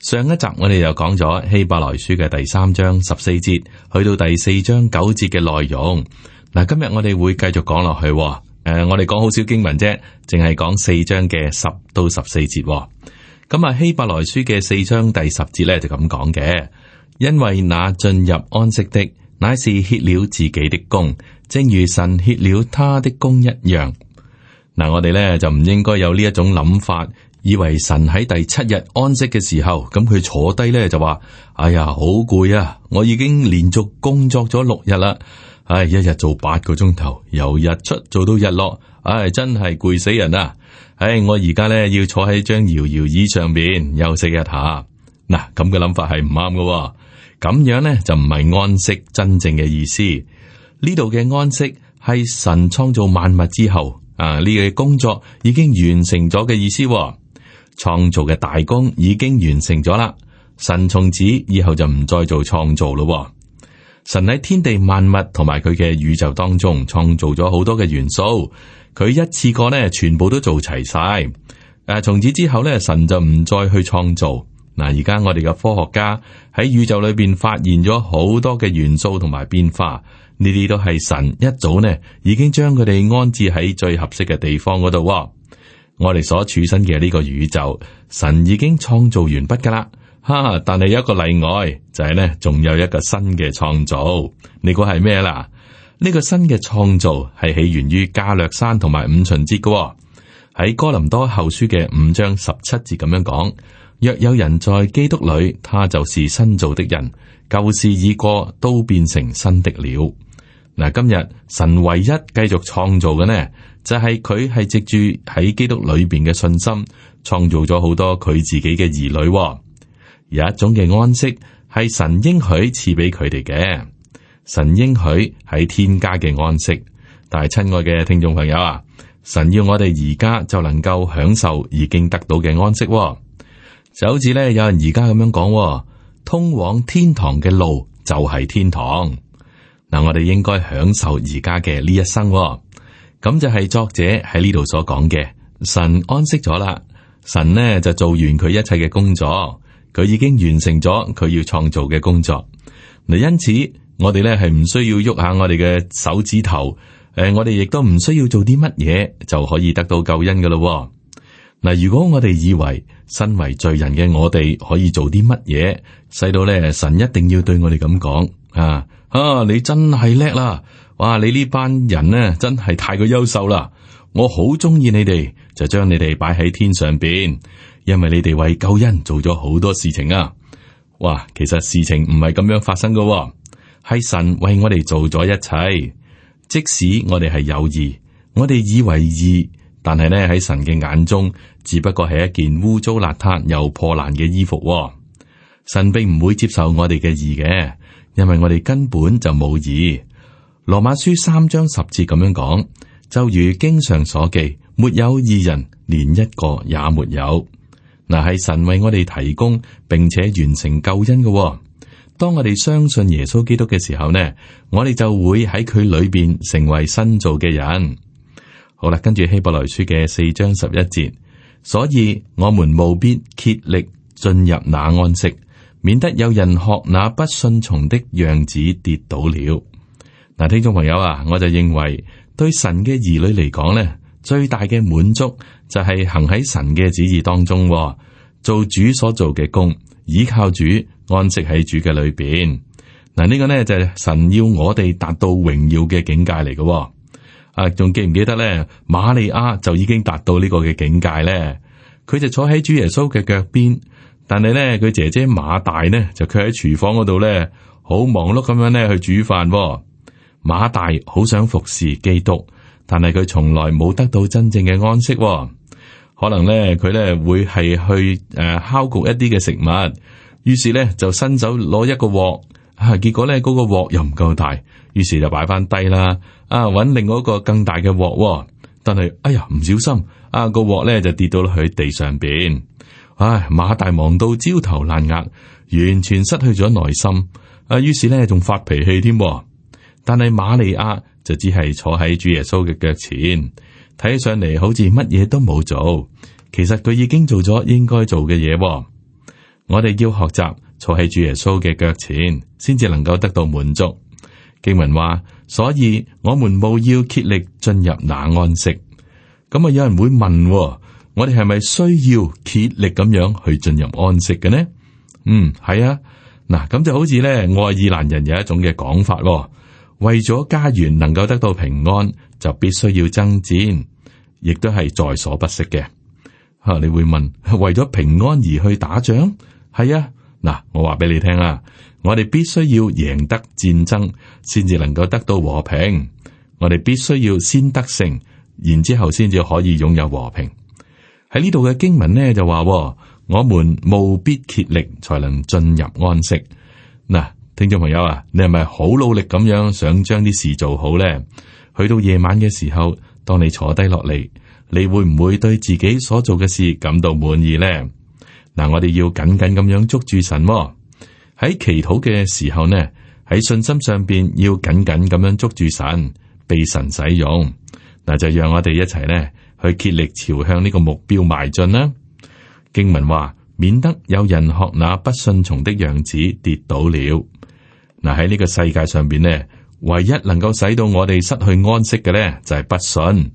上一集我哋就講咗希伯來書嘅第三章十四節，去到第四章九節嘅內容。嗱，今日我哋會繼續講落去。誒、呃，我哋講好少經文啫，淨係講四章嘅十到十四節。咁、嗯、啊，希伯來書嘅四章第十節咧就咁講嘅，因為那進入安息的，乃是歇了自己的工，正如神歇了他的工一樣。嗱、嗯，我哋咧就唔應該有呢一種諗法。以為神喺第七日安息嘅時候，咁佢坐低咧就話：哎呀，好攰啊！我已經連續工作咗六日啦，唉、哎，一日做八個鐘頭，由日出做到日落，唉、哎，真係攰死人啊！唉、哎，我而家咧要坐喺張搖搖椅上邊休息一下。嗱，咁嘅諗法係唔啱㗎，咁樣咧就唔係安息真正嘅意思。呢度嘅安息係神創造萬物之後，啊，呢個工作已經完成咗嘅意思、哦。創造嘅大功已經完成咗啦，神從此以後就唔再做創造咯喎。神喺天地萬物同埋佢嘅宇宙當中創造咗好多嘅元素，佢一次過呢，全部都做齊晒。誒，從此之後呢，神就唔再去創造。嗱，而家我哋嘅科學家喺宇宙裏邊發現咗好多嘅元素同埋變化，呢啲都係神一早呢已經將佢哋安置喺最合適嘅地方嗰度喎。我哋所處身嘅呢個宇宙，神已經創造完畢噶啦，哈！但係有一個例外，就係呢，仲有一個新嘅創造，你估係咩啦？呢個新嘅創造係起源於加略山同埋五旬節嘅喎。喺哥林多後書嘅五章十七節咁樣講：若有人在基督裡，他就是新造的人，舊事已過，都變成新的了。嗱，今日神唯一繼續創造嘅呢？就係佢係藉住喺基督裏邊嘅信心，創造咗好多佢自己嘅兒女，哦。有一種嘅安息係神應許賜俾佢哋嘅，神應許喺天家嘅安息。但係親愛嘅聽眾朋友啊，神要我哋而家就能夠享受已經得到嘅安息，哦。就好似咧，有人而家咁樣講，哦，通往天堂嘅路就係天堂。嗱，我哋應該享受而家嘅呢一生，哦。咁就係作者喺呢度所講嘅，神安息咗啦，神呢就做完佢一切嘅工作，佢已經完成咗佢要創造嘅工作。嗱，因此我哋呢係唔需要喐下我哋嘅手指頭，誒，我哋亦都唔需要做啲乜嘢就可以得到救恩噶咯。嗱，如果我哋以為身為罪人嘅我哋可以做啲乜嘢，使到呢，神一定要對我哋咁講啊，啊，你真係叻啦！哇！你呢班人呢，真係太過優秀啦。我好中意你哋，就將你哋擺喺天上邊，因為你哋為救恩做咗好多事情啊。哇！其實事情唔係咁樣發生㗎、哦，係神為我哋做咗一切，即使我哋係有義，我哋以為義，但係呢喺神嘅眼中，只不過係一件污糟邋遢又破爛嘅衣服、哦。神並唔會接受我哋嘅義嘅，因為我哋根本就冇義。羅馬書三章十節咁樣講，就如經上所記，沒有二人，連一個也沒有。嗱，係神為我哋提供並且完成救恩嘅、哦。當我哋相信耶穌基督嘅時候呢，我哋就會喺佢裏邊成為新造嘅人。好啦，跟住希伯來書嘅四章十一節，所以我們務必竭力進入那安息，免得有人學那不信從的樣子跌倒了。嗱，聽眾朋友啊，我就認為對神嘅兒女嚟講咧，最大嘅滿足就係行喺神嘅旨意當中，做主所做嘅工，依靠主安息喺主嘅裏邊。嗱，呢個咧就係神要我哋達到榮耀嘅境界嚟嘅。啊，仲記唔記得咧？瑪利亞就已經達到呢個嘅境界咧，佢就坐喺主耶穌嘅腳邊，但係咧佢姐姐馬大咧就佢喺廚房嗰度咧，好忙碌咁樣咧去煮飯。馬大好想服侍基督，但係佢從來冇得到真正嘅安息、哦。可能咧，佢咧會係去誒、啊、烤焗一啲嘅食物，於是咧就伸手攞一個鑊，吓結果咧嗰個鑊又唔夠大，於是就擺翻低啦。啊，揾、那個啊、另外一個更大嘅鑊、哦，但係哎呀唔小心啊、那個鑊咧就跌到去地上邊。唉、啊，馬大忙到焦頭爛額，完全失去咗耐心。啊，於是咧仲發脾氣添。但係瑪利亞就只係坐喺主耶穌嘅腳前，睇起上嚟好似乜嘢都冇做。其實佢已經做咗應該做嘅嘢、哦。我哋要學習坐喺主耶穌嘅腳前，先至能夠得到滿足。經文話，所以我們務要竭力進入那安息。咁啊，有人會問，我哋係咪需要竭力咁樣去進入安息嘅呢？嗯，係啊，嗱，咁就好似咧，愛爾蘭人有一種嘅講法囉。為咗家園能夠得到平安，就必須要爭戰，亦都係在所不惜嘅。吓、啊，你會問，為咗平安而去打仗，係啊？嗱，我話俾你聽啊，我哋必須要贏得戰爭，先至能夠得到和平。我哋必須要先得勝，然之後先至可以擁有和平。喺呢度嘅經文呢，就話、啊，我們務必竭力才能進入安息。嗱、啊。聽眾朋友啊，你係咪好努力咁樣想將啲事做好咧？去到夜晚嘅時候，當你坐低落嚟，你會唔會對自己所做嘅事感到滿意咧？嗱，我哋要緊緊咁樣捉住神喎、哦，喺祈禱嘅時候呢，喺信心上邊要緊緊咁樣捉住神，被神使用。嗱，就讓我哋一齊呢去竭力朝向呢個目標邁進啦。經文話。免得有人學那不信從的樣子跌倒了。嗱，喺呢個世界上邊呢，唯一能夠使到我哋失去安息嘅，呢就係不信。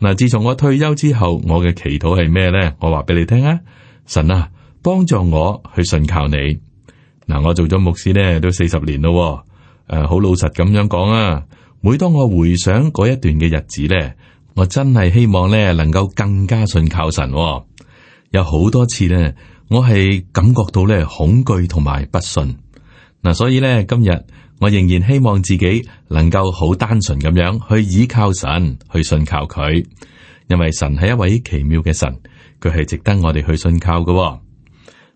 嗱、啊，自從我退休之後，我嘅祈禱係咩呢？我話俾你聽啊，神啊，幫助我去信靠你。嗱、啊，我做咗牧師呢都四十年咯，誒、啊，好老實咁樣講啊。每當我回想嗰一段嘅日子呢，我真係希望呢能夠更加信靠神、哦。有好多次呢，我係感覺到呢，恐懼同埋不信。嗱，所以呢，今日我仍然希望自己能夠好單純咁樣去倚靠神，去信靠佢，因為神係一位奇妙嘅神，佢係值得我哋去信靠嘅。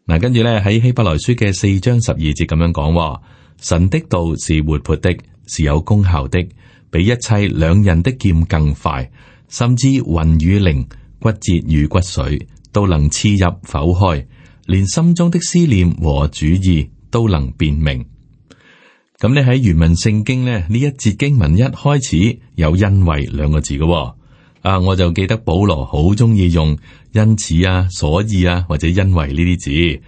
嗱。跟住呢，喺希伯來書嘅四章十二節咁樣講，神的道是活潑的，是有功效的，比一切兩刃的劍更快，甚至魂與靈、骨節與骨髓。都能刺入剖開，連心中的思念和主意都能辨明。咁你喺原文聖經呢，呢一節經文一開始有因為兩個字嘅。啊，我就記得保羅好中意用因此啊、所以啊或者因為呢啲字，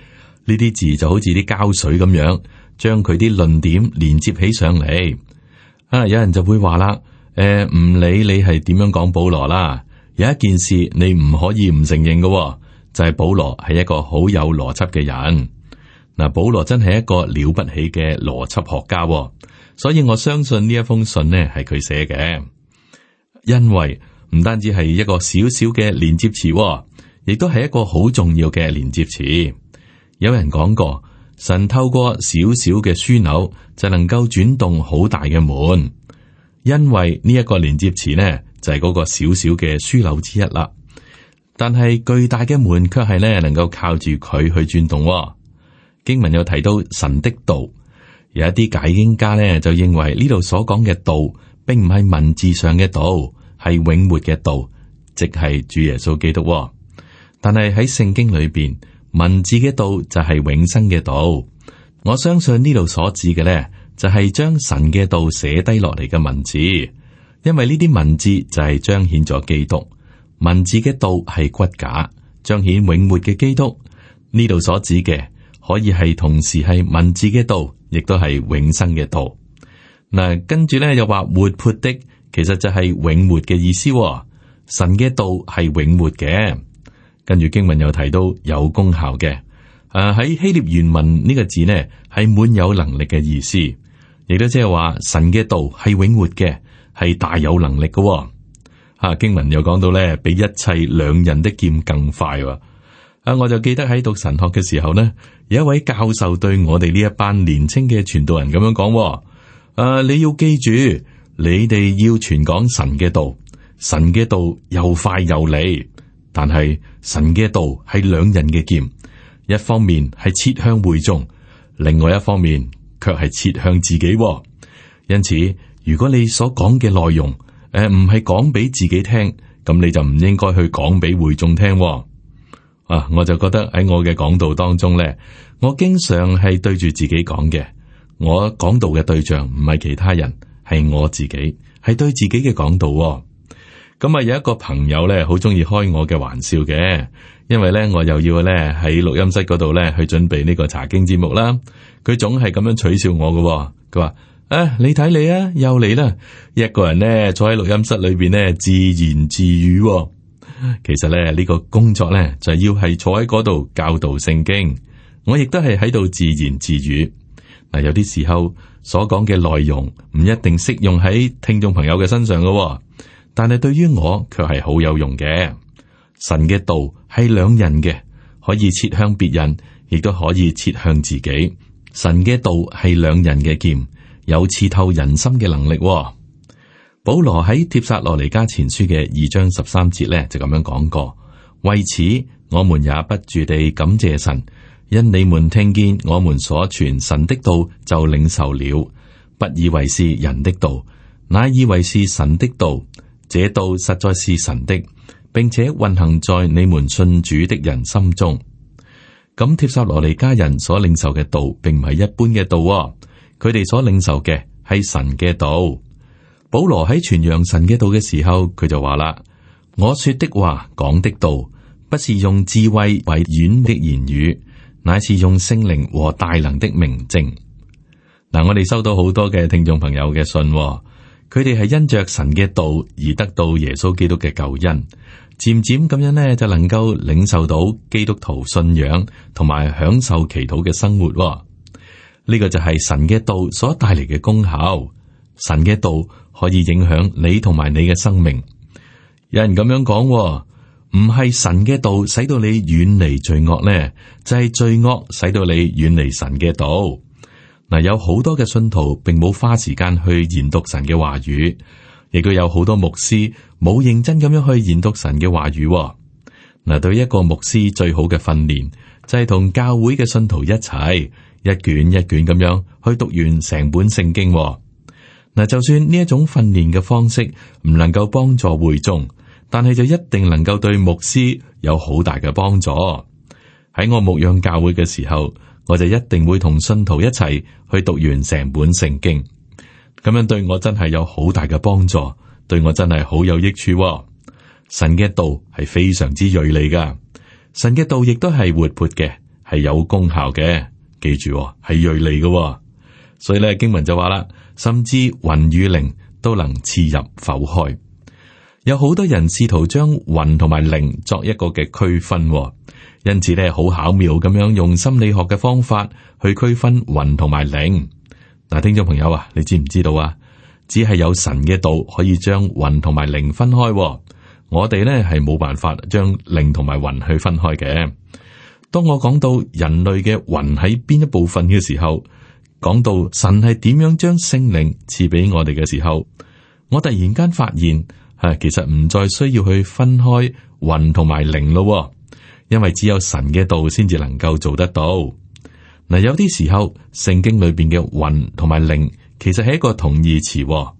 呢啲字就好似啲膠水咁樣，將佢啲論點連接起上嚟。啊，有人就會話啦，誒、唔、嗯、理你係點樣講保羅啦。有一件事你唔可以唔承認嘅、哦，就係、是、保羅係一個好有邏輯嘅人。嗱，保羅真係一個了不起嘅邏輯學家、哦，所以我相信呢一封信呢係佢寫嘅，因為唔單止係一個小小嘅連接詞、哦，亦都係一個好重要嘅連接詞。有人講過，神透過小小嘅樞紐就能夠轉動好大嘅門，因為呢一個連接詞呢。就係嗰個小小嘅樞紐之一啦，但係巨大嘅門卻係咧能夠靠住佢去轉動、哦。經文有提到神的道，有一啲解經家咧就認為呢度所講嘅道，並唔係文字上嘅道，係永活嘅道，即係主耶穌基督、哦。但係喺聖經裏邊，文字嘅道就係永生嘅道。我相信呢度所指嘅咧，就係、係、將神嘅道寫低落嚟嘅文字。因為呢啲文字就係彰顯咗基督，文字嘅道係骨架，彰顯永活嘅基督。呢度所指嘅可以係同時係文字嘅道，亦都係永生嘅道嗱。跟住咧又話活潑的，其實就係永活嘅意思。神嘅道係永活嘅。跟住經文又提到有功效嘅。誒，喺希臘原文呢個字呢，係滿有能力嘅意思，亦都即係話神嘅道係永活嘅。係大有能力㗎、哦，吓、啊、經文又講到咧，比一切兩刃的劍更快、哦。啊，我就記得喺讀神學嘅時候呢，有一位教授對我哋呢一班年青嘅傳道人咁樣講、哦：，誒、啊，你要記住，你哋要傳講神嘅道，神嘅道又快又利，但係神嘅道係兩刃嘅劍，一方面係切向會眾，另外一方面卻係切向自己、哦，因此。如果你所講嘅內容，誒唔係講俾自己聽，咁你就唔應該去講俾會眾聽、哦。啊，我就覺得喺我嘅講道當中呢，我經常係對住自己講嘅，我講道嘅對象唔係其他人，係我自己，係對自己嘅講道、哦。咁啊，有一個朋友呢，好中意開我嘅玩笑嘅，因為呢，我又要呢喺錄音室嗰度呢去準備呢個查經節目啦，佢總係咁樣取笑我嘅、哦，佢話。啊、你睇你啊，又嚟啦！一個人呢，坐喺錄音室裏邊呢，自言自語、哦。其實呢，呢、呢個工作呢，就係、要係坐喺嗰度教導聖經。我亦都係喺度自言自語。嗱、啊，有啲時候所講嘅內容唔一定適用喺聽眾朋友嘅身上噶、哦，但係對於我卻係好有用嘅。神嘅道係兩刃嘅，可以切向別人，亦都可以切向自己。神嘅道係兩刃嘅劍。有刺透人心嘅能力、哦。保羅喺帖撒羅尼迦前書嘅二章十三節呢，就咁樣講過：為此，我們也不住地感謝神，因你們聽見我們所傳神的道，就領受了，不以為是人的道，乃以為是神的道。這道實在是神的，並且運行在你們信主的人心中。咁帖撒羅尼迦人所領受嘅道，並唔係一般嘅道、哦。佢哋所領受嘅係神嘅道。保羅喺傳揚神嘅道嘅時候，佢就話啦：我說的話講的道，不是用智慧委婉的言語，乃是用聖靈和大能的明證。嗱、嗯，我哋收到好多嘅聽眾朋友嘅信、哦，佢哋係因着神嘅道而得到耶穌基督嘅救恩，漸漸咁樣呢，就能夠領受到基督徒信仰同埋享受祈禱嘅生活、哦。呢個就係神嘅道所帶嚟嘅功效，神嘅道可以影響你同埋你嘅生命。有人咁樣講、喎，唔係神嘅道使到你遠離罪惡呢，就係、是、罪惡使到你遠離神嘅道。嗱，有好多嘅信徒並冇花時間去研讀神嘅話語，亦都有好多牧師冇認真咁樣去研讀神嘅話語、喎。嗱，對一個牧師最好嘅訓練就係、是、同教會嘅信徒一齊。一卷一卷咁樣去讀完成本聖經。嗱、哦，就算呢一種訓練嘅方式唔能夠幫助會眾，但係就一定能夠對牧師有好大嘅幫助。喺我牧養教會嘅時候，我就一定會同信徒一齊去讀完成本聖經，咁樣對我真係有好大嘅幫助，對我真係好有益處、哦。神嘅道係非常之銳利噶，神嘅道亦都係活潑嘅，係有功效嘅。記住，係銳利嘅，所以咧經文就話啦，甚至魂與靈都能刺入剖開。有好多人試圖將魂同埋靈作一個嘅區分，因此咧好巧妙咁樣用心理學嘅方法去區分魂同埋靈。嗱，聽眾朋友啊，你知唔知道啊？只係有神嘅道可以將魂同埋靈分開，我哋咧係冇辦法將靈同埋魂去分開嘅。當我講到人類嘅魂喺邊一部分嘅時候，講到神係點樣將聖靈賜俾我哋嘅時候，我突然間發現吓、啊,其實唔再需要去分開魂同埋靈咯。因為只有神嘅道先至能夠做得到嗱。有啲時候，聖經裏邊嘅魂同埋靈其實係一個同義詞喺、哦、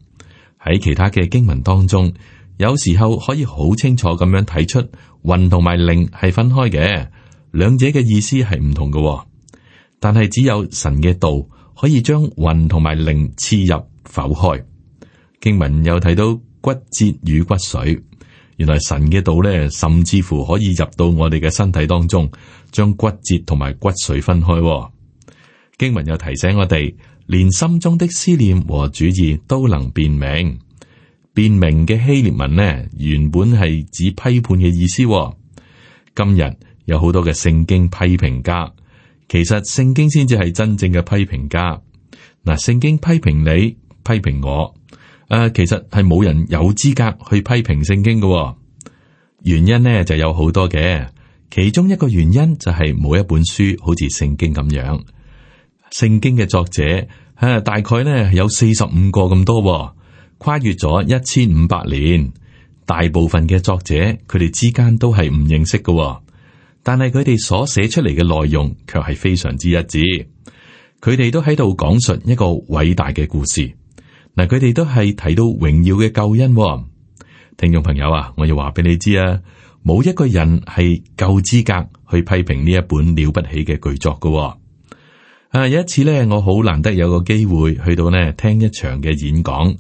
其他嘅經文當中，有時候可以好清楚咁樣睇出魂同埋靈係分開嘅。兩者嘅意思係唔同嘅、哦，但係只有神嘅道可以將魂同埋靈刺入剖開經文。又睇到骨節與骨髓，原來神嘅道呢，甚至乎可以入到我哋嘅身體當中，將骨節同埋骨髓分開、哦、經文。又提醒我哋，連心中的思念和主意都能辨明，辨明嘅希臘文呢，原本係指批判嘅意思、哦。今日。有好多嘅聖經批評家，其實聖經先至係真正嘅批評家。嗱，聖經批評你，批評我，誒、啊，其實係冇人有資格去批評聖經嘅。原因呢就有好多嘅，其中一個原因就係冇一本書好似聖經咁樣。聖經嘅作者啊，大概呢有四十五個咁多，跨越咗一千五百年，大部分嘅作者佢哋之間都係唔認識嘅。但係佢哋所寫出嚟嘅內容，卻係非常之一致。佢哋都喺度講述一個偉大嘅故事。嗱，佢哋都係提到榮耀嘅救恩，哦。聽眾朋友啊，我要話俾你知啊，冇一個人係夠資格去批評呢一本了不起嘅巨作㗎，哦。啊，有一次呢，我好難得有個機會去到呢聽一場嘅演講。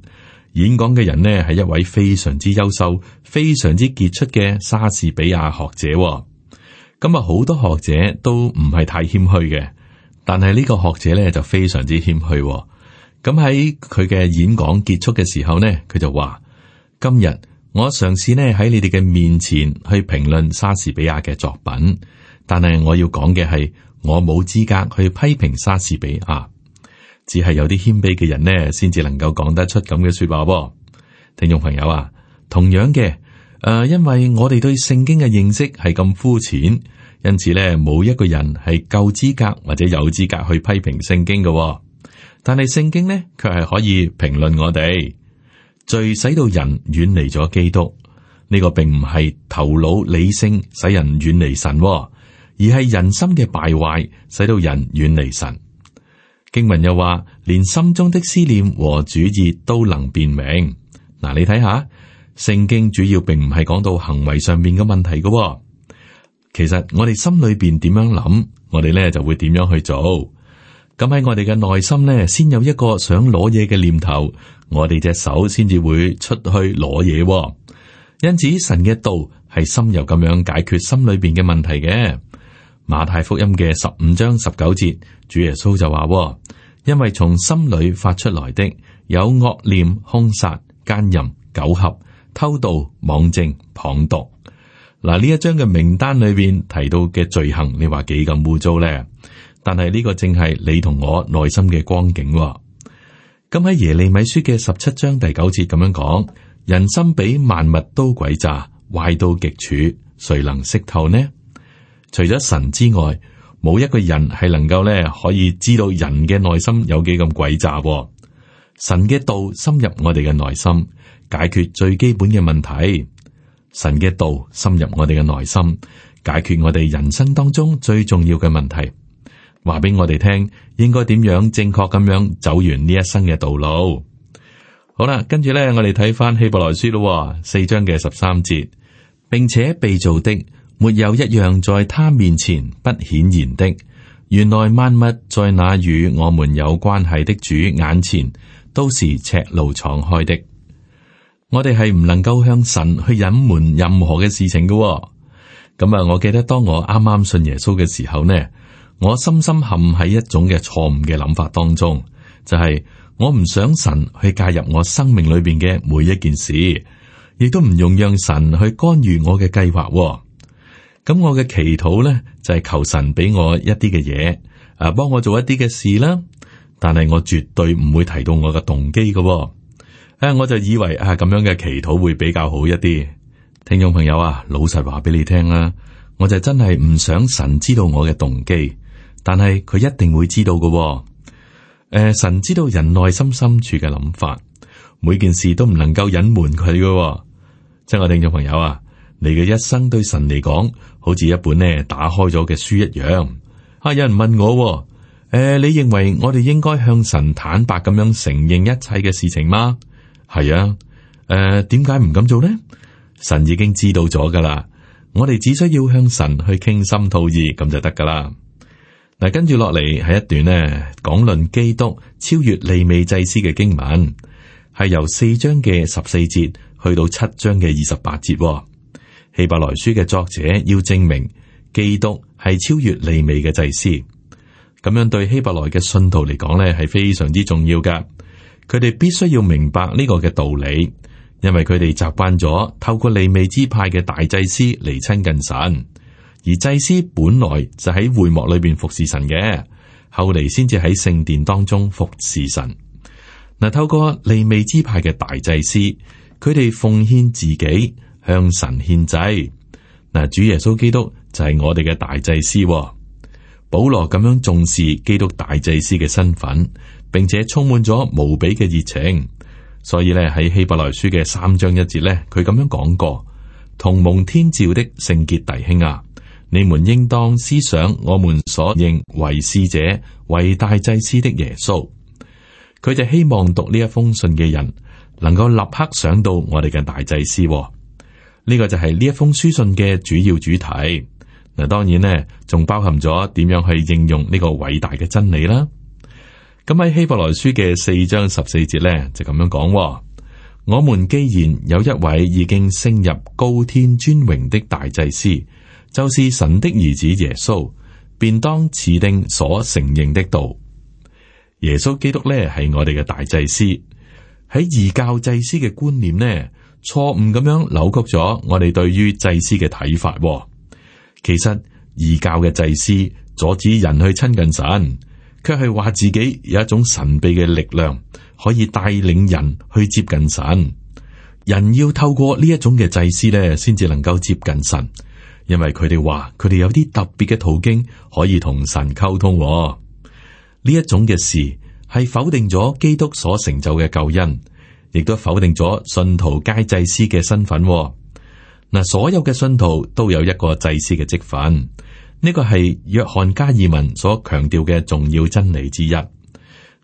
演講嘅人呢，係一位非常之優秀、非常之傑出嘅莎士比亞學者，哦。咁啊，好多學者都唔係太謙虛嘅，但係呢個學者咧就非常之謙虛。咁喺佢嘅演講結束嘅時候咧，佢就話：今日我嘗試咧喺你哋嘅面前去評論莎士比亞嘅作品，但係我要講嘅係，我冇資格去批評莎士比亞，只係有啲謙卑嘅人咧，先至能夠講得出咁嘅說話。聽眾朋友啊，同樣嘅。誒，因為我哋對聖經嘅認識係咁膚淺，因此呢，冇一個人係夠資格或者有資格去批評聖經嘅、哦。但係聖經呢，卻係可以評論我哋，罪使到人遠離咗基督。呢、這個並唔係頭腦理性使人遠離神、哦，而係人心嘅敗壞使到人遠離神。經文又話，連心中的思念和主意都能辨明。嗱、呃，你睇下。聖經主要並唔係講到行為上面嘅問題嘅、哦。其實我哋心裏邊點樣諗，我哋呢就會點樣去做。咁喺我哋嘅內心呢，先有一個想攞嘢嘅念頭，我哋隻手先至會出去攞嘢、哦。因此，神嘅道係深入咁樣解決心裏邊嘅問題嘅。馬太福音嘅十五章十九節，主耶穌就話、哦：，因為從心裏發出來的，有惡念、凶殺、奸淫、苟合。偷盜、妄證、謗讟。嗱呢一張嘅名單裏邊提到嘅罪行，你話幾咁污糟呢？但係呢個正係你同我內心嘅光景、哦。咁、嗯、喺耶利米書嘅十七章第九節咁樣講：人心比萬物都詭詐，壞到極處，誰能識透呢？除咗神之外，冇一個人係能夠呢可以知道人嘅內心有幾咁詭詐、哦。神嘅道深入我哋嘅內心。解決最基本嘅問題，神嘅道深入我哋嘅內心，解決我哋人生當中最重要嘅問題。話俾我哋聽，應該點樣正確咁樣走完呢一生嘅道路。好啦，跟住咧，我哋睇翻希伯來書咯，四章嘅十三節，並且被造的沒有一樣在他面前不顯然的。原來萬物在那與我們有關係的主眼前都是赤露敞開的。我哋係唔能夠向神去隱瞞任何嘅事情嘅、哦，咁、嗯、啊，我記得當我啱啱信耶穌嘅時候呢，我深深陷喺一種嘅錯誤嘅諗法當中，就係、是、我唔想神去介入我生命裏邊嘅每一件事，亦都唔用讓神去干預我嘅計劃、哦。咁、嗯、我嘅祈禱呢，就係、是、求神俾我一啲嘅嘢，啊，幫我做一啲嘅事啦，但係我絕對唔會提到我嘅動機嘅、哦。誒、啊，我就以為啊，咁樣嘅祈禱會比較好一啲。聽眾朋友啊，老實話俾你聽啦，我就真係唔想神知道我嘅動機，但係佢一定會知道嘅、哦。誒、啊，神知道人內心深處嘅諗法，每件事都唔能夠隱瞞佢嘅。即係我聽眾朋友啊，你嘅一生對神嚟講，好似一本呢打開咗嘅書一樣。啊，有人問我，誒、啊，你認為我哋應該向神坦白咁樣承認一切嘅事情嗎？係啊，誒、啊，點解唔咁做呢？神已經知道咗噶啦，我哋只需要向神去傾心吐意，咁就得噶啦。嗱，跟住落嚟係一段咧，講論基督超越利未祭司嘅經文，係由四章嘅十四節去到七章嘅二十八節。希伯來書嘅作者要證明基督係超越利未嘅祭司，咁樣對希伯來嘅信徒嚟講呢，係非常之重要噶。佢哋必須要明白呢個嘅道理，因為佢哋習慣咗透過利未支派嘅大祭司嚟親近神，而祭司本來就喺會幕裏邊服侍神嘅，後嚟先至喺聖殿當中服侍神。嗱，透過利未支派嘅大祭司，佢哋奉獻自己向神獻祭。嗱，主耶穌基督就係我哋嘅大祭司。保羅咁樣重視基督大祭司嘅身份。並且充滿咗無比嘅熱情，所以咧喺希伯來書嘅三章一節咧，佢咁樣講過：同蒙天照的聖潔弟兄啊，你們應當思想我們所認為使者、為大祭司的耶穌。佢就希望讀呢一封信嘅人能夠立刻想到我哋嘅大祭司。呢、呢個就係呢一封書信嘅主要主題。嗱，當然呢，仲包含咗點樣去應用呢個偉大嘅真理啦。咁喺希伯來書嘅四章十四節呢，就咁樣講、哦，我們既然有一位已經升入高天尊榮的大祭司，就是神的兒子耶穌，便當持定所承認的道。耶穌基督呢，係我哋嘅大祭司。喺異教祭司嘅觀念呢，錯誤咁樣扭曲咗我哋對於祭司嘅睇法、哦。其實異教嘅祭司阻止人去親近神。卻係話自己有一種神秘嘅力量，可以帶領人去接近神。人要透過呢一種嘅祭司咧，先至能夠接近神。因為佢哋話佢哋有啲特別嘅途徑可以同神溝通。呢一種嘅事係否定咗基督所成就嘅救恩，亦都否定咗信徒皆祭司嘅身份。嗱，所有嘅信徒都有一個祭司嘅職份。呢個係約翰加爾文所強調嘅重要真理之一，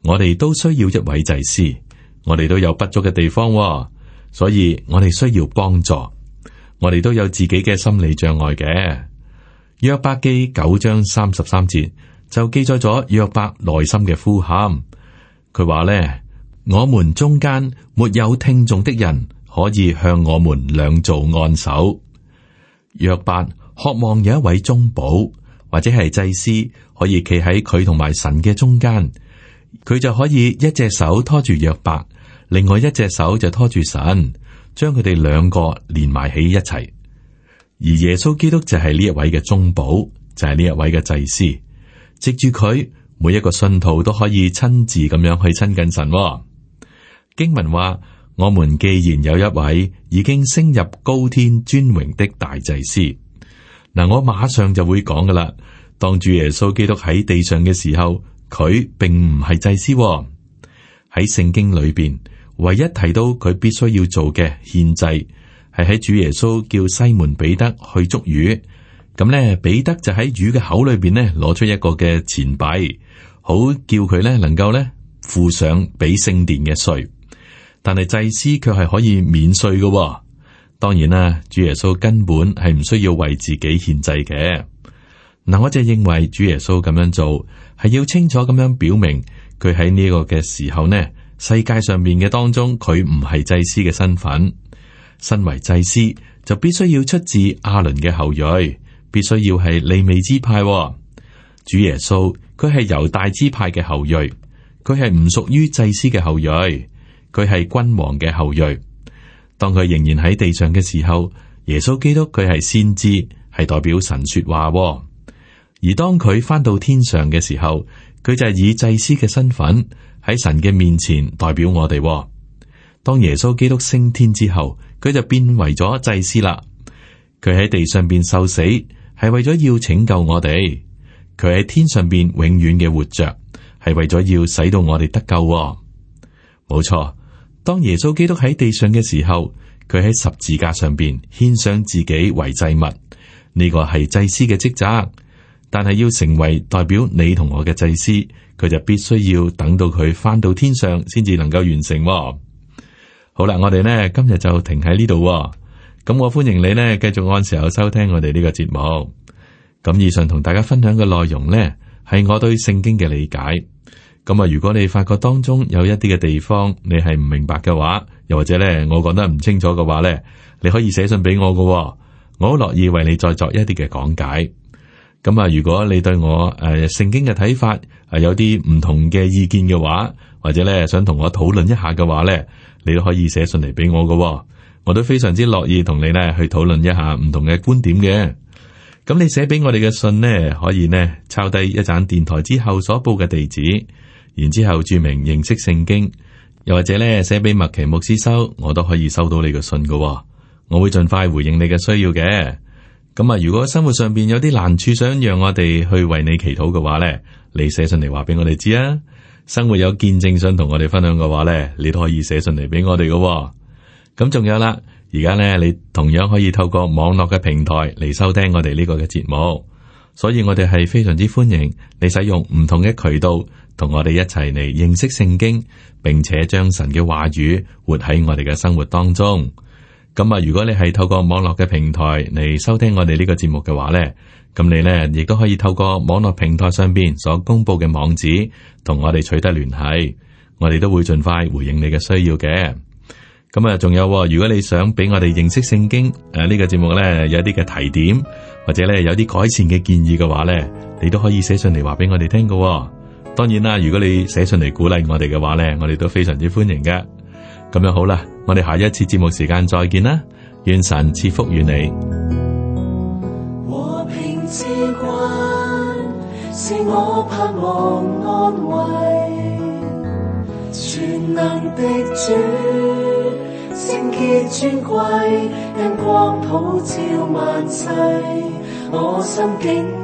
我哋都需要一位祭司，我哋都有不足嘅地方、哦，所以我哋需要幫助，我哋都有自己嘅心理障礙嘅。約伯記九章三十三節就記載咗約伯內心嘅呼喊，佢話咧：，我們中間沒有聽眾的人可以向我們兩造按手。約伯。渴望有一位中保或者係祭司可以企喺佢同埋神嘅中間，佢就可以一隻手拖住約伯，另外一隻手就拖住神，將佢哋兩個連埋喺一齊。而耶穌基督就係呢一位嘅中保，就係呢一位嘅祭司。藉住佢，每一個信徒都可以親自咁樣去親近神。經文話：我們既然有一位已經升入高天尊榮的大祭司。嗱，我馬上就會講噶啦。當主耶穌基督喺地上嘅時候，佢並唔係祭司喎、哦。喺聖經裏邊，唯一提到佢必須要做嘅獻祭，係喺主耶穌叫西門彼得去捉魚，咁呢，彼得就喺魚嘅口裏邊呢攞出一個嘅錢幣，好叫佢呢能夠呢付上俾聖殿嘅稅。但係祭司卻係可以免稅嘅、哦。當然啦，主耶穌根本係唔需要為自己獻祭嘅。嗱，我就認為主耶穌咁樣做，係要清楚咁樣表明佢喺呢個嘅時候呢，世界上面嘅當中佢唔係祭司嘅身份。身為祭司就必須要出自亞倫嘅後裔，必須要係利未支派。主耶穌佢係猶大支派嘅後裔，佢係唔屬於祭司嘅後裔，佢係君王嘅後裔。當佢仍然喺地上嘅時候，耶穌基督佢係先知，係代表神說話喎；而當佢翻到天上嘅時候，佢就係以祭司嘅身份喺神嘅面前代表我哋喎。當耶穌基督升天之後，佢就變為咗祭司啦。佢喺地上邊受死，係為咗要拯救我哋；佢喺天上邊永遠嘅活着，係為咗要使到我哋得救喎。冇錯。當耶穌基督喺地上嘅時候，佢喺十字架上邊獻上自己為祭物，呢個係祭司嘅職責。但係要成為代表你同我嘅祭司，佢就必須要等到佢翻到天上先至能夠完成。好啦，我哋呢今日就停喺呢度。咁我歡迎你呢繼續按時候收聽我哋呢個節目。咁以上同大家分享嘅內容呢，係我對聖經嘅理解。咁啊，如果你發覺當中有一啲嘅地方你係唔明白嘅話，又或者咧我講得唔清楚嘅話咧，你可以寫信俾我噶，我好樂意為你再作一啲嘅講解。咁啊，如果你對我誒、啊、聖經嘅睇法啊有啲唔同嘅意見嘅話，或者咧想同我討論一下嘅話咧，你都可以寫信嚟俾我噶，我都非常之樂意同你咧去討論一下唔同嘅觀點嘅。咁你寫俾我哋嘅信咧，可以呢抄低一盞電台之後所報嘅地址。然之後注明認識聖經，又或者咧寫俾麥奇牧師收，我都可以收到你個信噶。我會盡快回應你嘅需要嘅。咁啊，如果生活上邊有啲難處，想讓我哋去為你祈禱嘅話咧，你寫信嚟話俾我哋知啊。生活有見證想同我哋分享嘅話咧，你都可以寫信嚟俾我哋噶。咁仲有啦，而家咧你同樣可以透過網絡嘅平台嚟收聽我哋呢個嘅節目，所以我哋係非常之歡迎你使用唔同嘅渠道。同我哋一齊嚟認識聖經，並且將神嘅話語活喺我哋嘅生活當中。咁啊，如果你係透過網絡嘅平台嚟收聽我哋呢個節目嘅話呢，咁你呢亦都可以透過網絡平台上邊所公布嘅網址，同我哋取得聯繫。我哋都會盡快回應你嘅需要嘅。咁啊，仲有，如果你想俾我哋認識聖經誒呢、這個節目呢，有一啲嘅提點或者呢有啲改善嘅建議嘅話呢，你都可以寫信嚟話俾我哋聽噶。當然啦，如果你寫信嚟鼓勵我哋嘅話咧，我哋都非常之歡迎嘅。咁樣好啦，我哋下一次節目時間再見啦，願神賜福與你。和平之君是我我盼望安慰全全能的光普照萬世。心 境樂。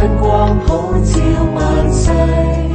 因光普照萬世。